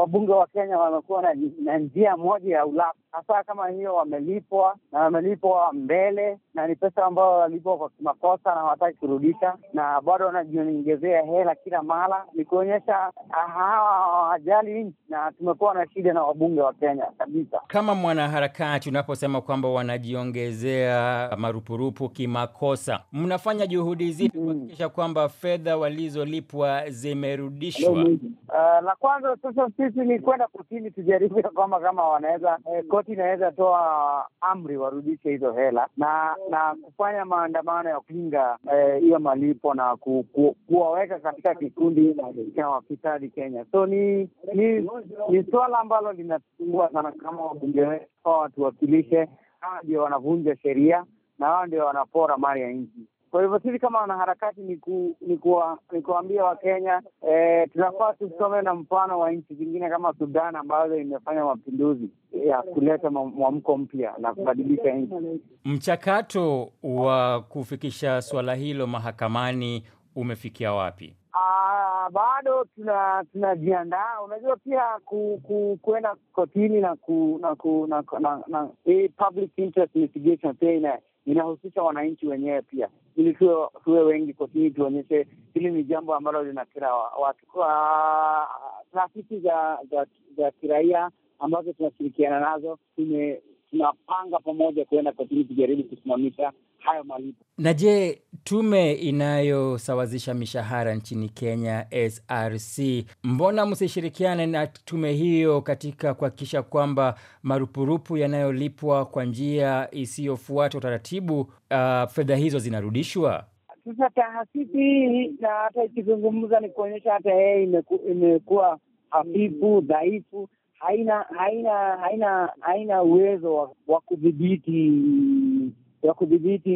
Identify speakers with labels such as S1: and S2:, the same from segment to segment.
S1: wabunge wa Kenya wamekuwa na, na njia moja ya ulafi, hasa kama hiyo. Wamelipwa na wamelipwa mbele, na ni pesa ambayo walipwa kwa kimakosa na hawataki kurudisha, na bado wanajiongezea hela kila mara. Ni kuonyesha ah, hawa hawajali nchi, na tumekuwa na shida na wabunge wa Kenya kabisa.
S2: Kama mwanaharakati, unaposema kwamba wanajiongezea marupurupu kimakosa, mnafanya juhudi zipi kuhakikisha kwamba fedha walizolipwa zimerudishwa?
S1: Uh, la kwanza sasa sisi ni kwenda kotini tujaribu ya kwamba kama wanaweza eh, koti inaweza toa amri warudishe hizo hela na na kufanya maandamano ya kupinga eh, hiyo eh, malipo na ku, ku, kuwaweka katika kikundi cha wafisadi Kenya. So ni ni, ni suala ambalo linatungua sana kama wabunge wetu watuwakilishe. Hawa ndio wanavunja sheria na hawa ndio wanapora mali ya nchi. Kwa hivyo sisi kama wanaharakati ni, ku, ni, kuwa, ni kuambia Wakenya e, eh, tunafaa tusome na mfano wa nchi zingine kama Sudan ambazo imefanya mapinduzi ya kuleta mwamko mpya na kubadilisha nchi.
S2: Mchakato wa kufikisha suala hilo mahakamani umefikia wapi?
S1: Aa, ah, bado tuna tunajiandaa. Unajua pia ku, ku, kuenda kotini na ku, na, ku, na, na, na, na, eh, public interest pia inahusisha wananchi wenyewe pia, ili tuwe wengi kotini, tuonyeshe hili ni jambo ambalo linakera watu. taasisi za, za, za kiraia ambazo tunashirikiana nazo tunapanga pamoja kuenda kotini kujaribu kusimamisha hayo malipo.
S2: Na je Tume inayosawazisha mishahara nchini Kenya, SRC, mbona msishirikiane na tume hiyo katika kuhakikisha kwamba marupurupu yanayolipwa kwa njia isiyofuata utaratibu, uh, fedha hizo zinarudishwa?
S1: Sasa taasisi hii na hata ikizungumza ni kuonyesha hata yeye imeku, imekuwa hafifu, dhaifu, haina haina haina haina uwezo wa kudhibiti wa kudhibiti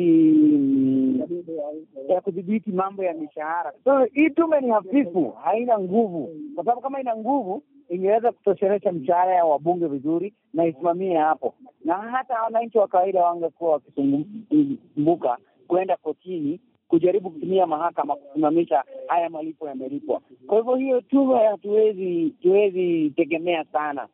S1: ya kudhibiti mambo ya mishahara. So hii tume ni hafifu, haina nguvu, kwa sababu kama ina nguvu ingeweza kutosheresha mishahara ya wabunge vizuri na isimamie hapo, na hata wananchi wa kawaida wangekuwa wakisumbuka kwenda kotini kujaribu kutumia mahakama kusimamisha haya malipo yamelipwa. Kwa hivyo hiyo tume hatuwezi tuwezi tegemea sana.